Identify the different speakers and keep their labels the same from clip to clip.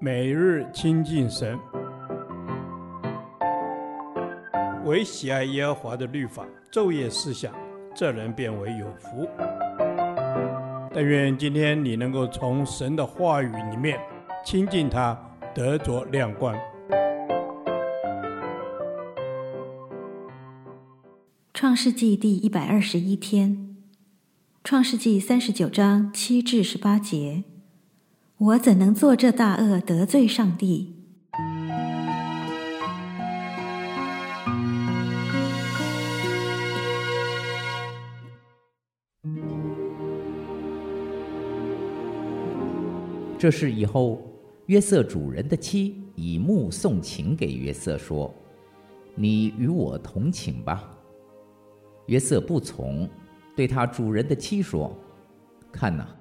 Speaker 1: 每日親近神，唯喜愛耶和華的律法，晝夜思想，這人便為有福。但願今天你能夠從神的話語裡面親近他，得着亮光。
Speaker 2: 創世記第一百二十一天，創世記三十九章七至十八節。我怎能做這大惡得罪上帝？
Speaker 1: 這事以後約瑟主人的妻以目送情給約瑟說：“你與我同寢吧。”約瑟不從，對他主人的妻說：“看吶、啊，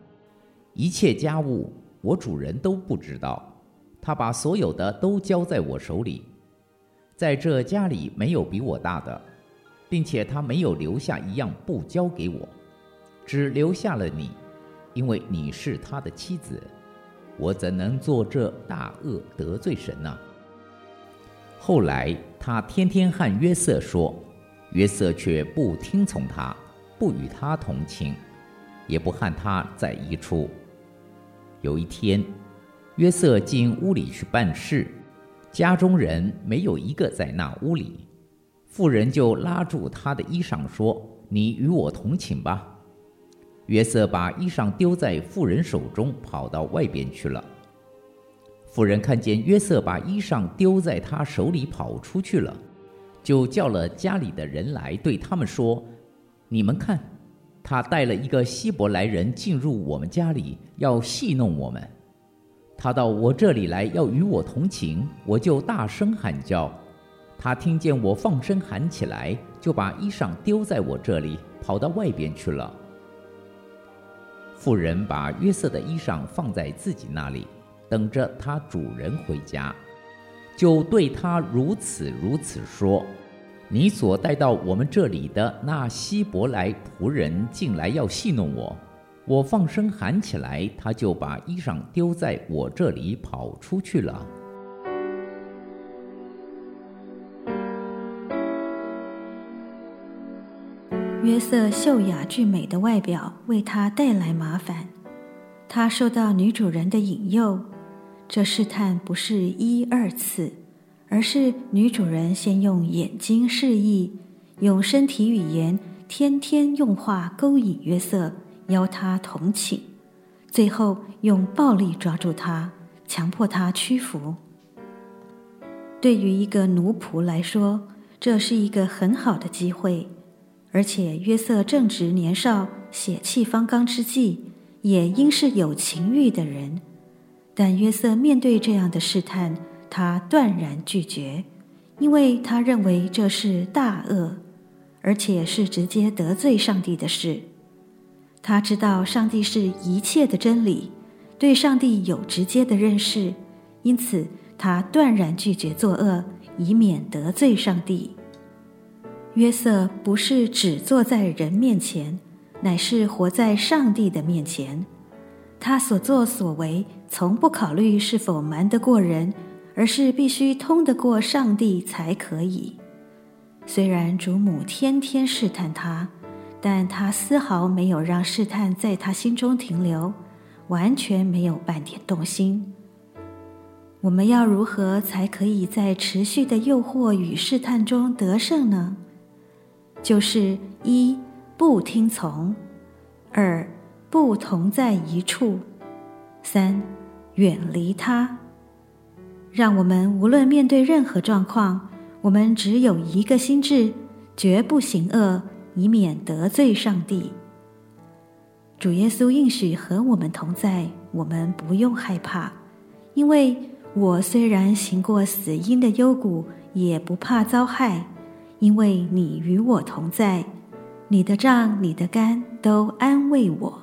Speaker 1: 一切家務。”我主人都不知道，他把所有的都交在我手裡，在這家裡沒有比我大的，並且他沒有留下一樣不交給我，只留下了你，因為你是他的妻子，我怎能做這大惡得罪神呢？後來他天天和約瑟說，約瑟卻不聽從他，不與他同寢，也不和他在一處。有一天，約瑟進屋裡去辦事，家中人沒有一個在那屋裡。婦人就拉住他的衣裳說：“你與我同寢吧。”約瑟把衣裳丟在婦人手中，跑到外邊去了。婦人看見約瑟把衣裳丟在他手裡跑出去了，就叫了家裡的人來，對他們說：“你們看。”他帶了一個希伯來人進入我們家裡，要戲弄我們。他到我這裡來，要與我同寢，我就大聲喊叫。他聽見我放聲喊起來，就把衣裳丟在我這裡，跑到外邊去了。婦人把約瑟的衣裳放在自己那裡，等着他主人回家，就對他如此如此說。你所帶到我們這裡的那希伯來僕人進來要戲弄我，我放聲喊起來，他就把衣裳丟在我這裡跑出去了。
Speaker 2: 約瑟秀雅俊美的外表為他帶來麻煩，他受到女主人的引誘，這試探不是一二次。而是女主人先用眼睛示意，用身體語言，天天用話勾引約瑟，邀他同寢，最後用暴力抓住他，強迫他屈服。對於一個奴僕來說，這是一個很好的機會，而且約瑟正值年少、血氣方剛之際，也應是有情慾的人。但約瑟面對這樣的試探。他斷然拒絕，因為他認為這是大惡，而且是直接得罪上帝的事。他知道上帝是一切的真理，對上帝有直接的認識，因此他斷然拒絕作惡，以免得罪上帝。約瑟不是只坐在人面前，乃是活在上帝的面前。他所作所為，從不考慮是否瞞得過人。而是必須通得過上帝才可以。雖然主母天天試探他，但他絲毫沒有讓試探在他心中停留，完全沒有半點動心。我們要如何才可以，在持續的誘惑與試探中得勝呢？就是一不聽從，二不同在一處，三遠離他。讓我們無論面對任何狀況，我們只有一個心智，絕不行惡，以免得罪上帝。主耶穌應許和我們同在，我們不用害怕，因為我雖然行過死蔭的幽谷，也不怕遭害，因為你與我同在，你的杖、你的竿都安慰我。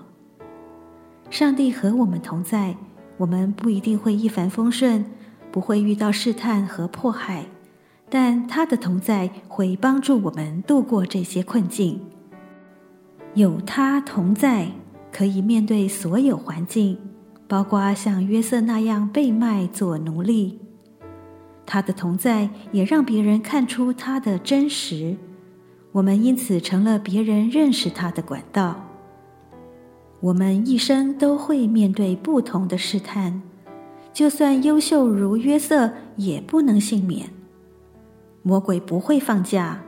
Speaker 2: 上帝和我們同在，我們不一定會一帆風順。不會遇到試探和迫害，但他的同在會幫助我們度過這些困境。有他同在，可以面對所有環境，包括像約瑟那樣被賣做奴隸。他的同在也讓別人看出他的真實，我們因此成了別人認識他的管道。我們一生都會面對不同的試探。就算優秀如約瑟，也不能幸免。魔鬼不會放假，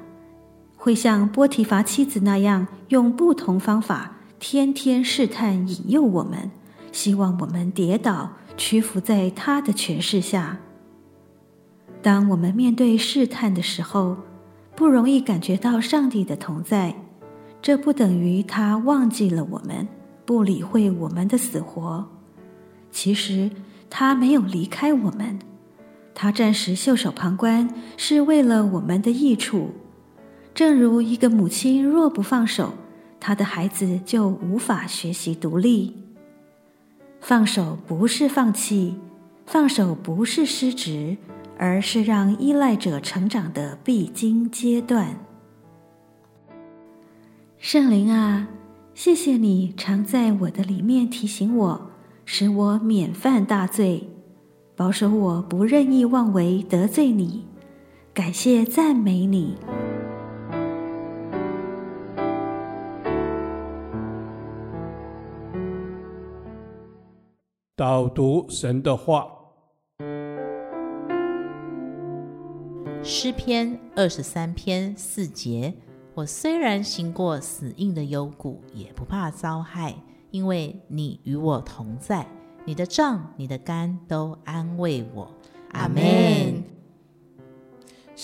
Speaker 2: 會像波提乏妻子那樣，用不同方法天天試探、引誘我們，希望我們跌倒、屈服在他的權勢下。當我們面對試探的時候，不容易感覺到上帝的同在，這不等於他忘記了我們，不理會我們的死活。其實，他沒有離開我們，他暫時袖手旁觀是為了我們的益處。正如一個母親若不放手，她的孩子就無法學習獨立。放手不是放棄，放手不是失職，而是讓依賴者成長的必經階段。聖靈啊，謝謝你常在我的裡面提醒我。使我免犯大罪，保守我不任意妄為得罪你，感謝讚美你。
Speaker 3: 導讀神的話，詩篇二十三篇四節：我雖然行過死蔭的幽谷，也不怕遭害。因為你與我同在，你的杖、你的竿都安慰我。阿們。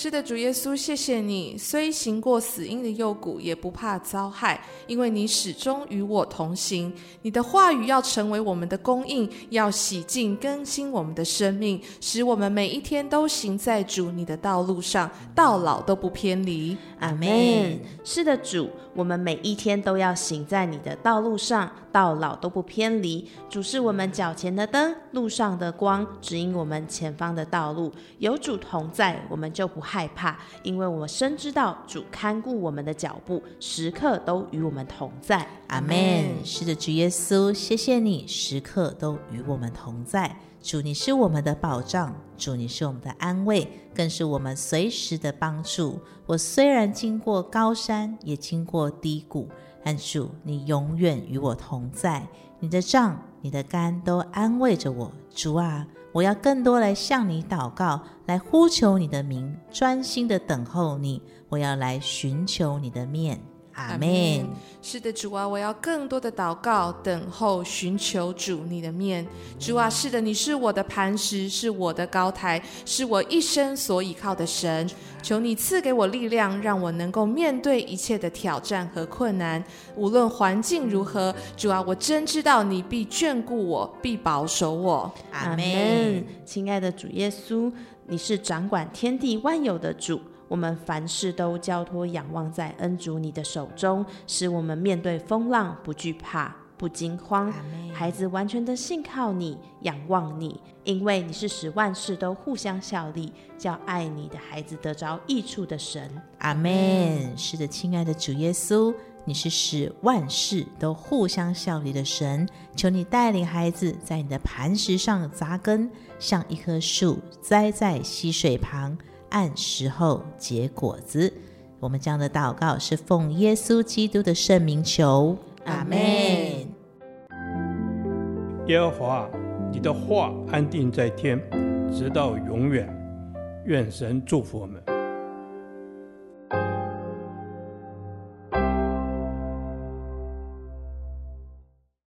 Speaker 3: 是的，主耶穌，謝謝你，雖行過死蔭的幽谷，也不怕遭害，因為你始終與我同行。你的話語要成為我們的供應，要洗淨更新我們的生命，使我們每一天都行在主你的道路上，到老都不偏離。阿門 Amen。是的，主，我們每一天都要行在你的道路上，到老都不偏離。主是我們腳前的燈，路上的光，指引我們前方的道路。有主同在，我們就不。害怕，因為我深知道主看顧我們的腳步，時刻都與我們同在。阿門 Amen。Amen 是的，主耶穌，謝謝你時刻都與我們同在。主，你是我們的保障，主，你是我們的安慰，更是我們隨時的幫助。我雖然經過高山，也經過低谷，但主，你永遠與我同在。你的杖，你的竿都安慰着我。主啊，我要更多來向你禱告，來呼求你的名，專心的等候你。我要來尋求你的面。阿門。Amen Amen 是的，主啊，我要更多的禱告，等候、尋求主你的面。主啊，是的，你是我的磐石，是我的高臺，是我一生所倚靠的神。求你賜給我力量，讓我能夠面對一切的挑戰和困難。無論環境如何，主啊，我真知道你必眷顧我，必保守我。阿門 Amen。親愛的主耶穌，你是掌管天地萬有的主。我們凡事都交託、仰望在恩主你的手中，使我們面對風浪不懼怕、不驚慌。們孩子完全的信靠你、仰望你，因為你是使萬事都互相效力，叫愛你的孩子得着益處的神。阿們們。是的，親愛的主耶穌，你是使萬事都互相效力的神。求你帶領孩子在你的磐石上扎根，像一棵樹栽在溪水旁。按時候結果子，我們這樣的禱告是奉耶穌基督的聖名求，阿門
Speaker 1: Amen。耶和華，你的話安定在天，直到永遠。願神祝福我們。